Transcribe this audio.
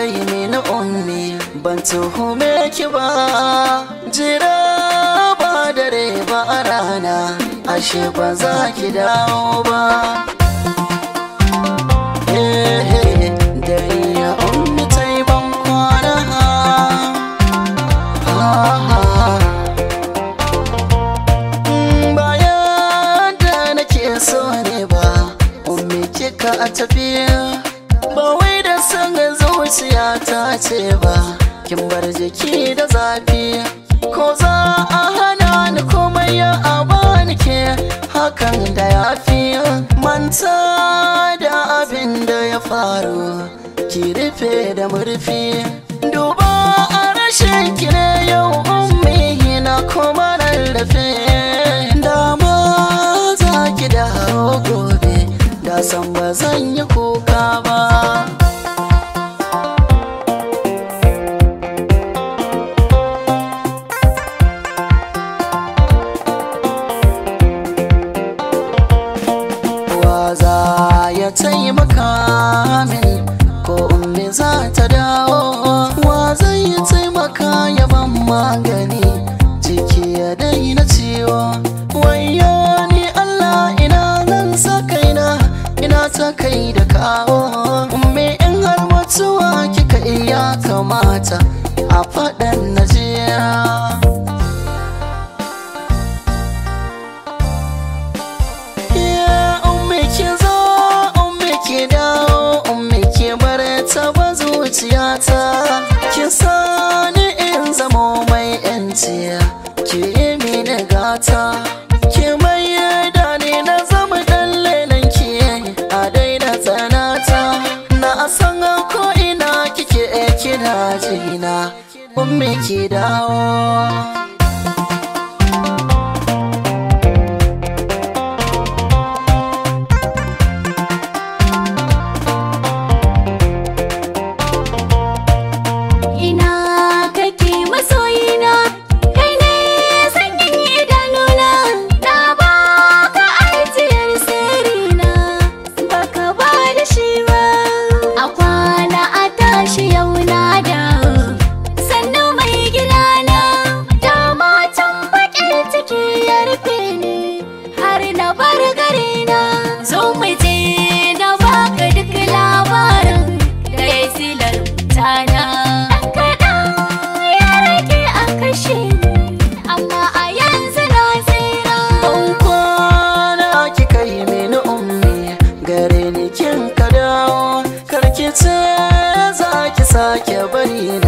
kai ne na ummi ban tuhume ki ba jira ba dare ba a rana ashe ba za ki dawo ba dare ya ummi ta yi ban mm, bayan da nake so ne ba ummi kika a tafiya dace ba kin bar jiki da zafi ko za a hana ni komai ya abani ke hakan da ya fi manta da abin da ya faru ki rufe da murfi duba a rashin ki ne yau ummi na kuma rarrafe dama za ki dawo gobe da san ba zan yi kuka ba za ya taimaka min ko ummi za ta dawo wa zai taimaka ya ban magani ciki ya daina ciwo wayo ni Allah ina zan sa kaina ina ta kai da kawo ummi in har mutuwa kika iya kamata a faɗan najiya mata ki mai da ne na zama dan lelan ki a daina tsanata na san ko ina kike kina jina ummi ki dawo ke bari